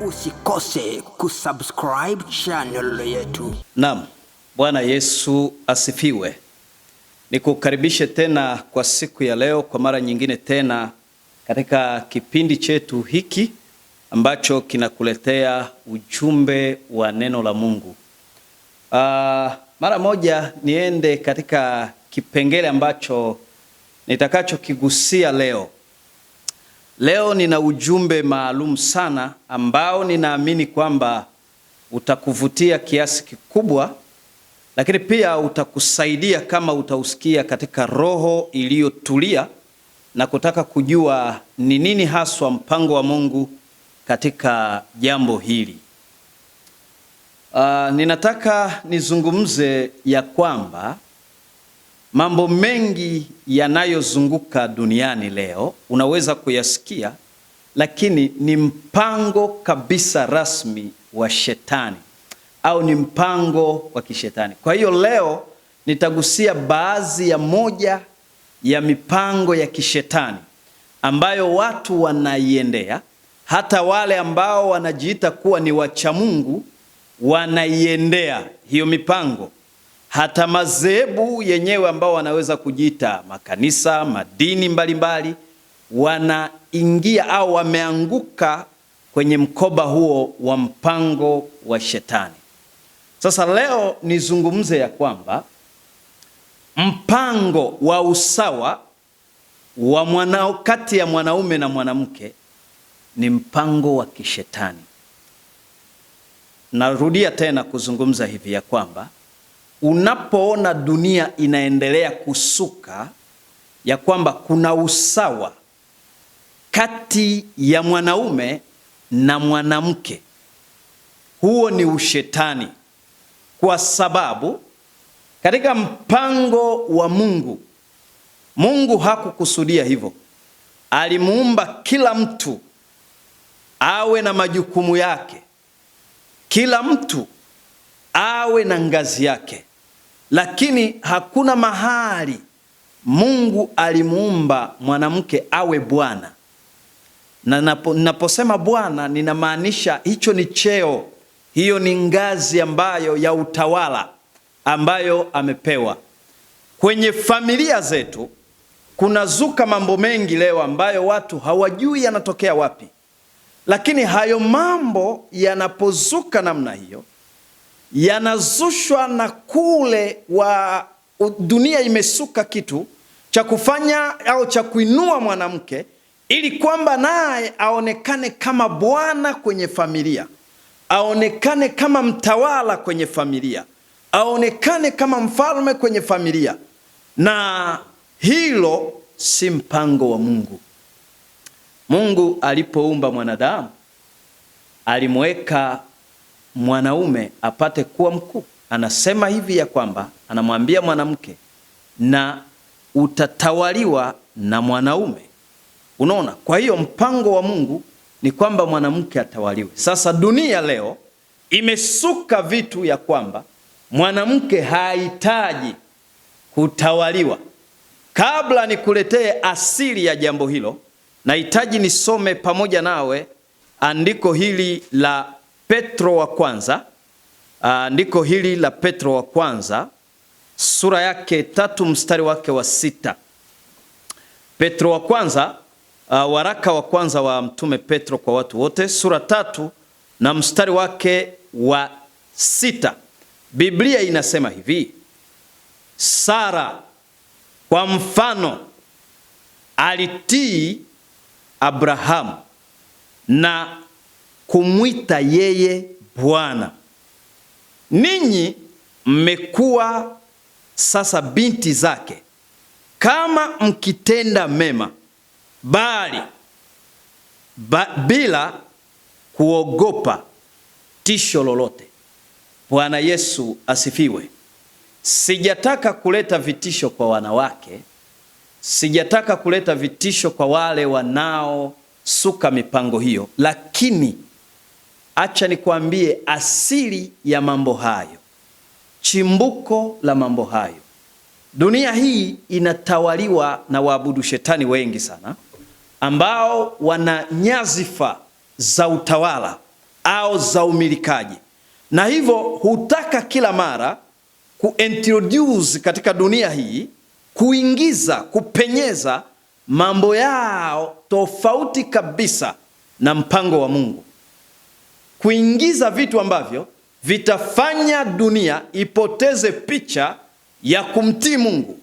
Usikose kusubscribe channel yetu. Naam, Bwana Yesu asifiwe. Nikukaribishe tena kwa siku ya leo kwa mara nyingine tena katika kipindi chetu hiki ambacho kinakuletea ujumbe wa neno la Mungu. Uh, mara moja niende katika kipengele ambacho nitakachokigusia leo Leo nina ujumbe maalum sana ambao ninaamini kwamba utakuvutia kiasi kikubwa, lakini pia utakusaidia kama utausikia katika roho iliyotulia na kutaka kujua ni nini haswa mpango wa Mungu katika jambo hili. Uh, ninataka nizungumze ya kwamba Mambo mengi yanayozunguka duniani leo unaweza kuyasikia, lakini ni mpango kabisa rasmi wa shetani au ni mpango wa kishetani. Kwa hiyo leo nitagusia baadhi ya moja ya mipango ya kishetani ambayo watu wanaiendea, hata wale ambao wanajiita kuwa ni wachamungu wanaiendea hiyo mipango hata madhehebu yenyewe ambao wanaweza kujiita makanisa, madini mbalimbali, wanaingia au wameanguka kwenye mkoba huo wa mpango wa shetani. Sasa leo nizungumze ya kwamba mpango wa usawa wa mwanao kati ya mwanaume na mwanamke ni mpango wa kishetani. Narudia tena kuzungumza hivi ya kwamba unapoona dunia inaendelea kusuka, ya kwamba kuna usawa kati ya mwanaume na mwanamke, huo ni ushetani, kwa sababu katika mpango wa Mungu, Mungu hakukusudia hivyo. Alimuumba kila mtu awe na majukumu yake, kila mtu awe na ngazi yake. Lakini hakuna mahali Mungu alimuumba mwanamke awe bwana, na napo, bwana ninamaanisha hicho ni cheo, hiyo ni ngazi ambayo ya utawala ambayo amepewa. Kwenye familia zetu kunazuka mambo mengi leo ambayo watu hawajui yanatokea wapi, lakini hayo mambo yanapozuka namna hiyo yanazushwa na kule wa dunia imesuka kitu cha kufanya au cha kuinua mwanamke ili kwamba naye aonekane kama bwana kwenye familia, aonekane kama mtawala kwenye familia, aonekane kama mfalme kwenye familia. Na hilo si mpango wa Mungu. Mungu alipoumba mwanadamu alimweka mwanaume apate kuwa mkuu. Anasema hivi ya kwamba anamwambia mwanamke, na utatawaliwa na mwanaume. Unaona, kwa hiyo mpango wa Mungu ni kwamba mwanamke atawaliwe. Sasa dunia leo imesuka vitu ya kwamba mwanamke hahitaji kutawaliwa. Kabla nikuletee asili ya jambo hilo, nahitaji nisome pamoja nawe andiko hili la Petro wa kwanza andiko ah, hili la Petro wa kwanza sura yake tatu mstari wake wa sita. Petro wa kwanza uh, waraka wa kwanza wa mtume Petro kwa watu wote sura tatu na mstari wake wa sita. Biblia inasema hivi: Sara kwa mfano alitii Abrahamu na kumwita yeye Bwana. Ninyi mmekuwa sasa binti zake kama mkitenda mema, bali ba, bila kuogopa tisho lolote. Bwana Yesu asifiwe. Sijataka kuleta vitisho kwa wanawake, sijataka kuleta vitisho kwa wale wanaosuka mipango hiyo, lakini acha nikuambie asili ya mambo hayo, chimbuko la mambo hayo. Dunia hii inatawaliwa na waabudu shetani wengi sana, ambao wana nyazifa za utawala au za umilikaji, na hivyo hutaka kila mara kuintroduce katika dunia hii, kuingiza, kupenyeza mambo yao tofauti kabisa na mpango wa Mungu kuingiza vitu ambavyo vitafanya dunia ipoteze picha ya kumtii Mungu,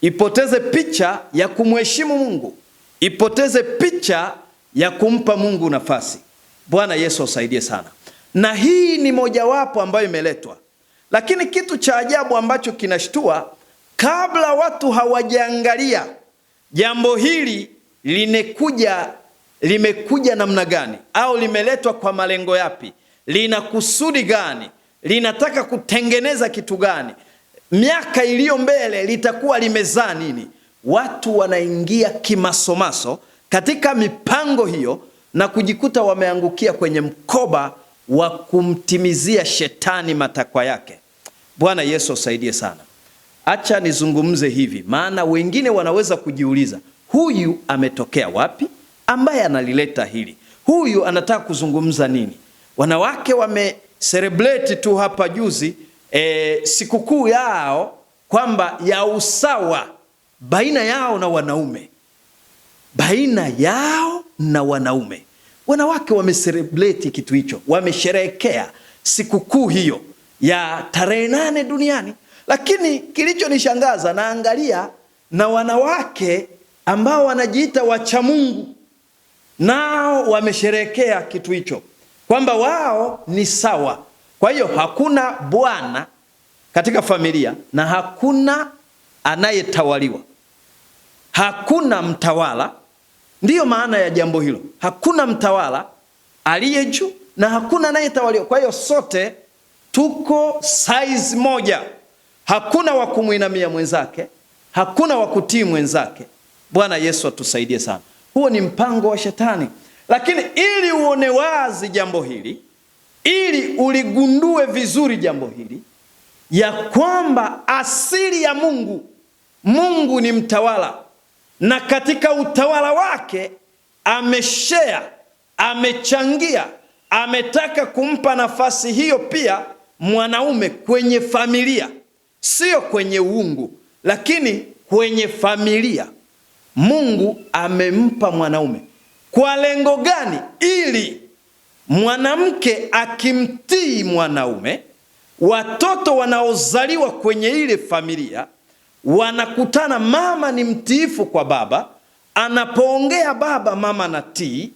ipoteze picha ya kumheshimu Mungu, ipoteze picha ya kumpa Mungu nafasi. Bwana Yesu asaidie sana, na hii ni mojawapo ambayo imeletwa. Lakini kitu cha ajabu ambacho kinashtua, kabla watu hawajaangalia jambo hili linekuja limekuja namna gani, au limeletwa kwa malengo yapi, lina kusudi gani, linataka kutengeneza kitu gani, miaka iliyo mbele litakuwa limezaa nini. Watu wanaingia kimasomaso katika mipango hiyo na kujikuta wameangukia kwenye mkoba wa kumtimizia shetani matakwa yake. Bwana Yesu asaidie sana. Acha nizungumze hivi, maana wengine wanaweza kujiuliza huyu ametokea wapi? ambaye analileta hili. Huyu anataka kuzungumza nini? Wanawake wame celebrate tu hapa juzi e, sikukuu yao kwamba ya usawa baina yao na wanaume, baina yao na wanaume. Wanawake wameselebreti kitu hicho, wamesherehekea sikukuu hiyo ya tarehe nane duniani. Lakini kilichonishangaza naangalia na wanawake ambao wanajiita wachamungu nao wamesherekea kitu hicho kwamba wao ni sawa. Kwa hiyo hakuna bwana katika familia na hakuna anayetawaliwa, hakuna mtawala. Ndiyo maana ya jambo hilo, hakuna mtawala aliye juu na hakuna anayetawaliwa. Kwa hiyo sote tuko size moja, hakuna wa kumwinamia mwenzake, hakuna wa kutii mwenzake. Bwana Yesu atusaidie sana. Huo ni mpango wa Shetani. Lakini ili uone wazi jambo hili, ili uligundue vizuri jambo hili ya kwamba asili ya Mungu, Mungu ni mtawala, na katika utawala wake ameshea, amechangia, ametaka kumpa nafasi hiyo pia mwanaume kwenye familia, sio kwenye uungu, lakini kwenye familia. Mungu amempa mwanaume kwa lengo gani? Ili mwanamke akimtii mwanaume, watoto wanaozaliwa kwenye ile familia wanakutana, mama ni mtiifu kwa baba, anapoongea baba, mama anatii,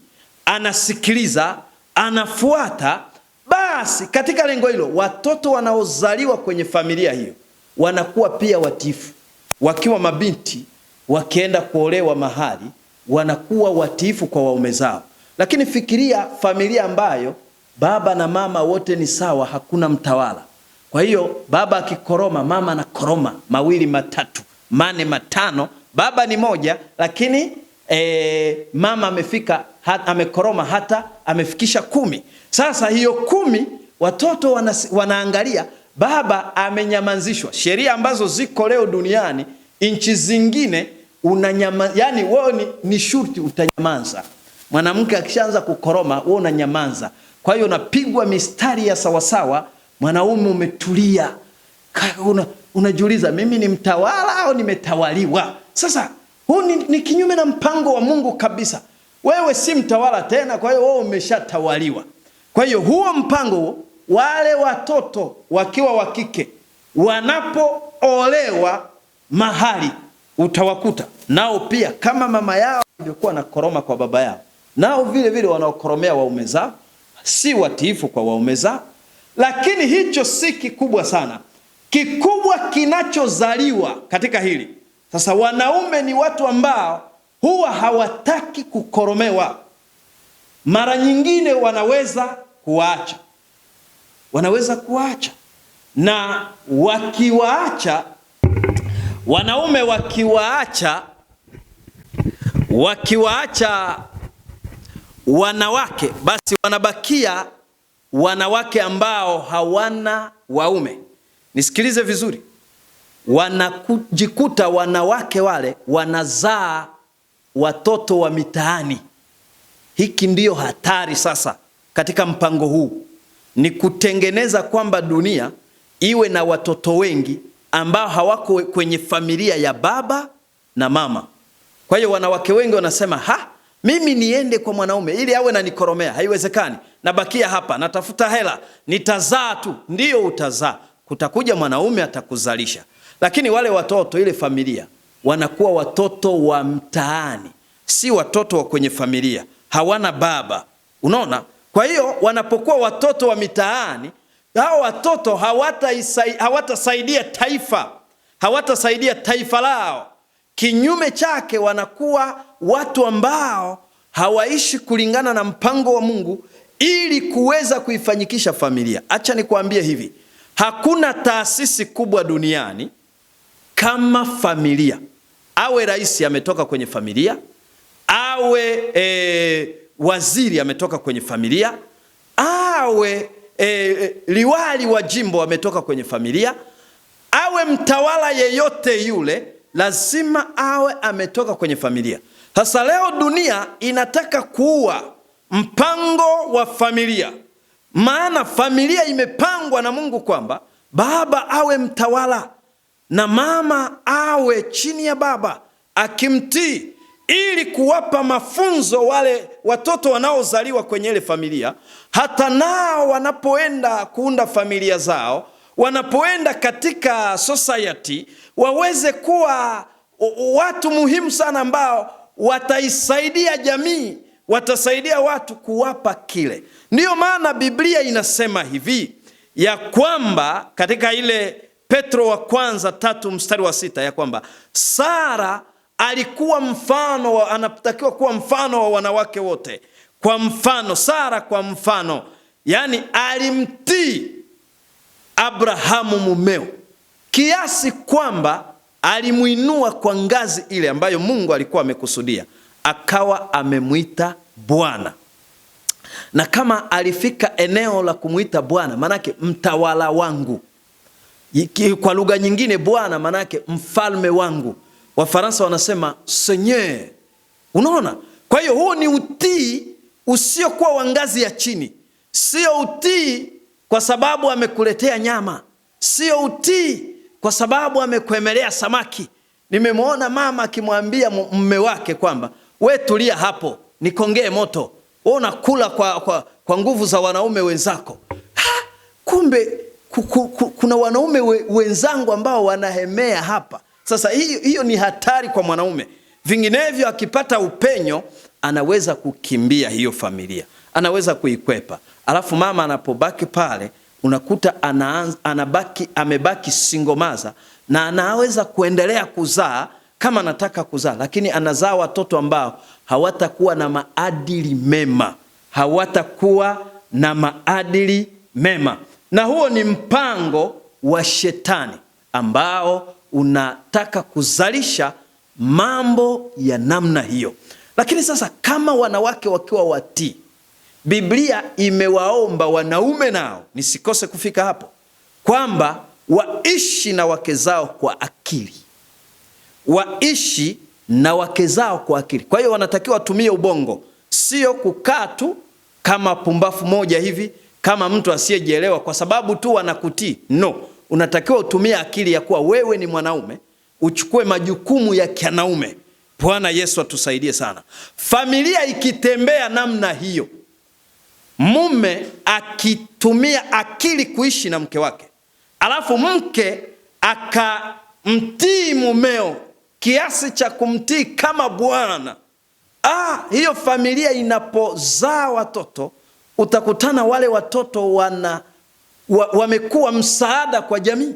anasikiliza, anafuata. Basi katika lengo hilo, watoto wanaozaliwa kwenye familia hiyo wanakuwa pia watiifu, wakiwa mabinti wakienda kuolewa mahali wanakuwa watiifu kwa waume zao. Lakini fikiria familia ambayo baba na mama wote ni sawa, hakuna mtawala. Kwa hiyo baba akikoroma, mama anakoroma mawili, matatu, mane, matano. Baba ni moja, lakini e, mama amefika amekoroma hata amefikisha kumi. Sasa hiyo kumi watoto wanaangalia baba amenyamazishwa. Sheria ambazo ziko leo duniani nchi zingine unanyama, yani wewe ni, ni shurti utanyamaza Mwanamke akishaanza kukoroma, wewe unanyamaza, Kwa hiyo unapigwa mistari ya sawasawa, mwanaume umetulia, una, unajiuliza mimi ni mtawala au nimetawaliwa? Sasa huu ni, ni kinyume na mpango wa Mungu kabisa. Wewe si mtawala tena, kwa hiyo wewe umeshatawaliwa. Kwa hiyo huo mpango, wale watoto wakiwa wa kike wanapoolewa mahali utawakuta nao pia kama mama yao walivyokuwa na koroma kwa baba yao, nao vile vile wanaokoromea waume zao, si watiifu kwa waume zao. Lakini hicho si kikubwa sana. Kikubwa kinachozaliwa katika hili sasa, wanaume ni watu ambao huwa hawataki kukoromewa. Mara nyingine wanaweza kuwaacha, wanaweza kuwaacha, na wakiwaacha wanaume wakiwaacha wakiwaacha wanawake basi wanabakia wanawake ambao hawana waume. Nisikilize vizuri, wanajikuta wanawake wale wanazaa watoto wa mitaani. Hiki ndiyo hatari sasa katika mpango huu, ni kutengeneza kwamba dunia iwe na watoto wengi ambao hawako kwenye familia ya baba na mama. Kwa hiyo wanawake wengi wanasema ha, mimi niende kwa mwanaume ili awe nanikoromea, haiwezekani, nabakia hapa, natafuta hela, nitazaa tu. Ndiyo, utazaa, kutakuja mwanaume atakuzalisha, lakini wale watoto, ile familia, wanakuwa watoto wa mtaani, si watoto wa kwenye familia, hawana baba. Unaona? Kwa hiyo wanapokuwa watoto wa mitaani hao watoto hawatasaidia hawata taifa, hawatasaidia taifa lao. Kinyume chake, wanakuwa watu ambao hawaishi kulingana na mpango wa Mungu ili kuweza kuifanyikisha familia. Acha nikwambie hivi, hakuna taasisi kubwa duniani kama familia. Awe rais ametoka kwenye familia, awe e, waziri ametoka kwenye familia, awe e, liwali wa jimbo ametoka kwenye familia, awe mtawala yeyote yule, lazima awe ametoka kwenye familia. Sasa leo dunia inataka kuua mpango wa familia, maana familia imepangwa na Mungu kwamba baba awe mtawala na mama awe chini ya baba akimtii ili kuwapa mafunzo wale watoto wanaozaliwa kwenye ile familia, hata nao wanapoenda kuunda familia zao, wanapoenda katika society, waweze kuwa watu muhimu sana ambao wataisaidia jamii, watasaidia watu kuwapa kile. Ndiyo maana Biblia inasema hivi ya kwamba katika ile Petro wa kwanza tatu mstari wa sita ya kwamba Sara alikuwa mfano wa, anatakiwa kuwa mfano wa wanawake wote. Kwa mfano Sara, kwa mfano yani alimtii Abrahamu mumeo kiasi kwamba alimwinua kwa ngazi ile ambayo Mungu alikuwa amekusudia, akawa amemwita Bwana. Na kama alifika eneo la kumwita Bwana, manake mtawala wangu, kwa lugha nyingine Bwana manake mfalme wangu Wafaransa wanasema seigneur. Unaona, kwa hiyo huo ni utii usiokuwa wa ngazi ya chini, sio utii kwa sababu amekuletea nyama, sio utii kwa sababu amekuemelea samaki. Nimemwona mama akimwambia mume wake kwamba we tulia hapo nikongee moto, wewe unakula kwa, kwa, kwa nguvu za wanaume wenzako. Ha, kumbe kuku, kuna wanaume wenzangu ambao wanahemea hapa sasa hiyo, hiyo ni hatari kwa mwanaume, vinginevyo akipata upenyo anaweza kukimbia hiyo familia, anaweza kuikwepa. Alafu mama anapobaki pale unakuta anaanza, anabaki amebaki singomaza na anaweza kuendelea kuzaa kama anataka kuzaa, lakini anazaa watoto ambao hawatakuwa na maadili mema, hawatakuwa na maadili mema, na huo ni mpango wa shetani ambao unataka kuzalisha mambo ya namna hiyo. Lakini sasa kama wanawake wakiwa watii, Biblia imewaomba wanaume nao, nisikose kufika hapo, kwamba waishi na wake zao kwa akili, waishi na wake zao kwa akili. Kwa hiyo wanatakiwa watumie ubongo, sio kukaa tu kama pumbafu moja hivi, kama mtu asiyejielewa kwa sababu tu wanakutii. No, unatakiwa utumie akili ya kuwa wewe ni mwanaume, uchukue majukumu ya kianaume. Bwana Yesu atusaidie sana. Familia ikitembea namna hiyo, mume akitumia akili kuishi na mke wake, alafu mke akamtii mumeo kiasi cha kumtii kama Bwana. Ah, hiyo familia inapozaa watoto utakutana wale watoto wana wa, wamekuwa msaada kwa jamii,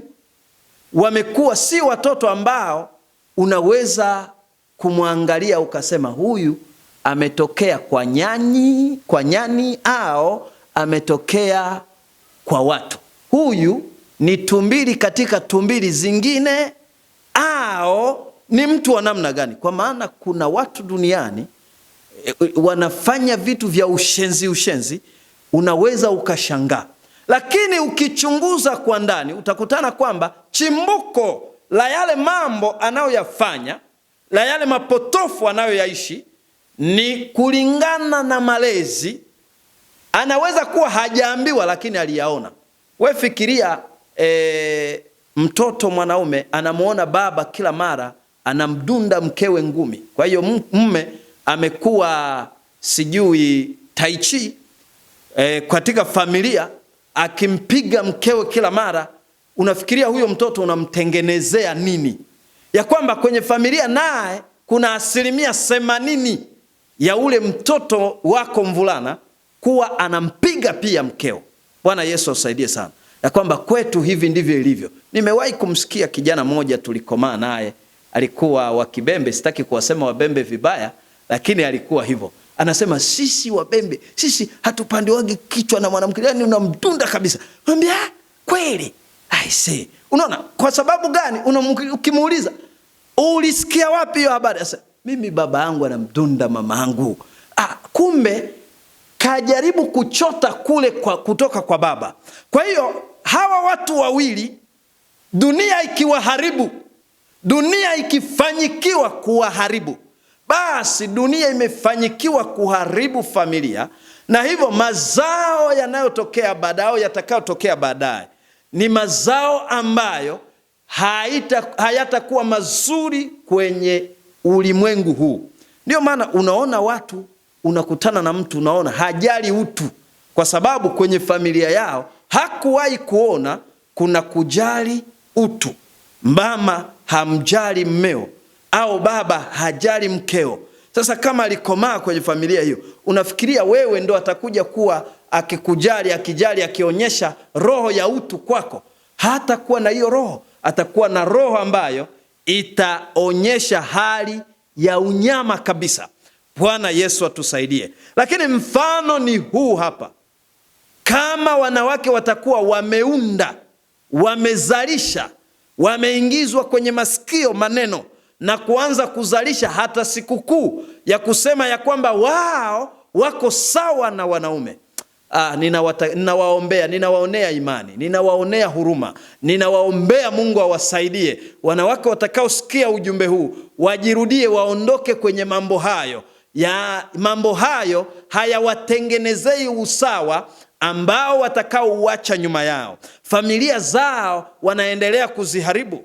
wamekuwa si watoto ambao unaweza kumwangalia ukasema huyu ametokea kwa nyani, kwa nyani au ametokea kwa watu, huyu ni tumbili katika tumbili zingine au ni mtu wa namna gani? Kwa maana kuna watu duniani eh, wanafanya vitu vya ushenzi ushenzi, unaweza ukashangaa. Lakini ukichunguza kwa ndani utakutana kwamba chimbuko la yale mambo anayoyafanya, la yale mapotofu anayoyaishi ni kulingana na malezi. Anaweza kuwa hajaambiwa, lakini aliyaona. We fikiria e, mtoto mwanaume anamwona baba kila mara anamdunda mkewe ngumi. Kwa hiyo mme amekuwa sijui taichi e, eh, katika familia akimpiga mkewe kila mara, unafikiria huyo mtoto unamtengenezea nini? Ya kwamba kwenye familia naye kuna asilimia themanini ya ule mtoto wako mvulana kuwa anampiga pia mkeo. Bwana Yesu asaidie sana, ya kwamba kwetu hivi ndivyo ilivyo. Nimewahi kumsikia kijana mmoja tulikomaa naye, alikuwa wa Kibembe, sitaki kuwasema Wabembe vibaya, lakini alikuwa hivyo anasema sisi Wabembe sisi hatupandiwagi kichwa na mwanamke, yani unamtunda kabisa. Mwambia ah, kweli, aise. Unaona kwa sababu gani? Ukimuuliza ulisikia wapi hiyo habari? Sasa mimi baba yangu anamtunda mama yangu. Ah, kumbe kajaribu kuchota kule kwa, kutoka kwa baba. Kwa hiyo hawa watu wawili, dunia ikiwaharibu, dunia ikifanyikiwa kuwaharibu basi dunia imefanyikiwa kuharibu familia, na hivyo mazao yanayotokea baadaye au yatakayotokea baadaye ni mazao ambayo haita, hayatakuwa mazuri kwenye ulimwengu huu. Ndiyo maana unaona watu, unakutana na mtu unaona hajali utu, kwa sababu kwenye familia yao hakuwahi kuona kuna kujali utu. Mama hamjali mmeo au baba hajali mkeo. Sasa kama alikomaa kwenye familia hiyo, unafikiria wewe ndo atakuja kuwa akikujali, akijali, akionyesha roho ya utu kwako? hata kuwa na hiyo roho, atakuwa na roho ambayo itaonyesha hali ya unyama kabisa. Bwana Yesu atusaidie. Lakini mfano ni huu hapa, kama wanawake watakuwa wameunda, wamezalisha, wameingizwa kwenye masikio maneno na kuanza kuzalisha hata sikukuu ya kusema ya kwamba wao wako sawa na wanaume. Ah, ninawaombea, ninawaonea imani, ninawaonea huruma, ninawaombea Mungu awasaidie wanawake watakaosikia ujumbe huu, wajirudie, waondoke kwenye mambo hayo ya mambo hayo hayawatengenezei usawa ambao watakaouacha nyuma yao. Familia zao wanaendelea kuziharibu,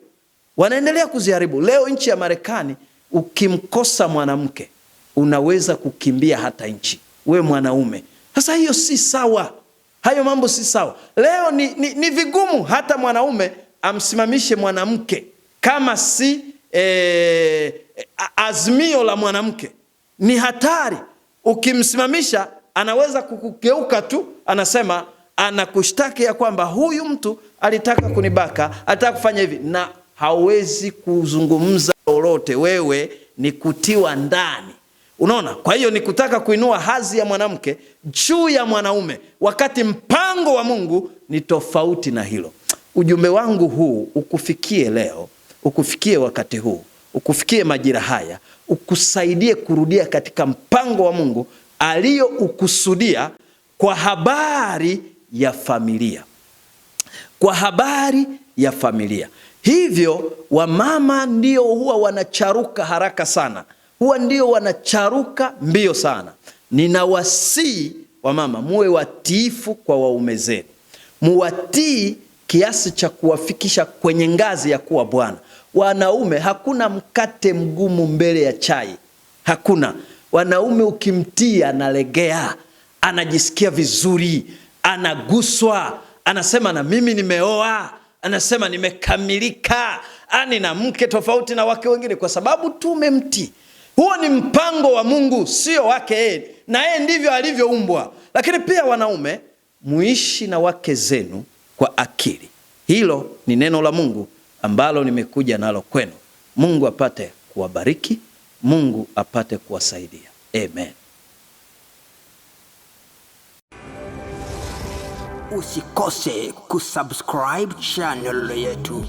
wanaendelea kuziharibu. Leo nchi ya Marekani ukimkosa mwanamke unaweza kukimbia hata nchi, we mwanaume. Sasa hiyo si sawa, hayo mambo si sawa. Leo ni, ni, ni vigumu hata mwanaume amsimamishe mwanamke kama si eh, azimio la mwanamke. Ni hatari, ukimsimamisha anaweza kukugeuka tu, anasema anakushtaki ya kwamba huyu mtu alitaka kunibaka, alitaka kufanya hivi na hauwezi kuzungumza lolote, wewe ni kutiwa ndani. Unaona, kwa hiyo ni kutaka kuinua hadhi ya mwanamke juu ya mwanaume, wakati mpango wa Mungu ni tofauti na hilo. Ujumbe wangu huu ukufikie leo, ukufikie wakati huu, ukufikie majira haya, ukusaidie kurudia katika mpango wa Mungu aliyoukusudia kwa habari ya familia, kwa habari ya familia. Hivyo wamama ndio huwa wanacharuka haraka sana, huwa ndio wanacharuka mbio sana. Ninawasii wamama, muwe watiifu kwa waume zenu, muwatii kiasi cha kuwafikisha kwenye ngazi ya kuwa bwana. Wanaume, hakuna mkate mgumu mbele ya chai, hakuna. Wanaume ukimtii analegea, anajisikia vizuri, anaguswa, anasema na mimi nimeoa anasema nimekamilika, ani ah, na mke tofauti na wake wengine, kwa sababu tumemtii. Huo ni mpango wa Mungu, sio wake yeye, na yeye ndivyo alivyoumbwa. Lakini pia wanaume, muishi na wake zenu kwa akili. Hilo ni neno la Mungu ambalo nimekuja nalo kwenu. Mungu apate kuwabariki, Mungu apate kuwasaidia. Amen. Usikose kusubscribe channel yetu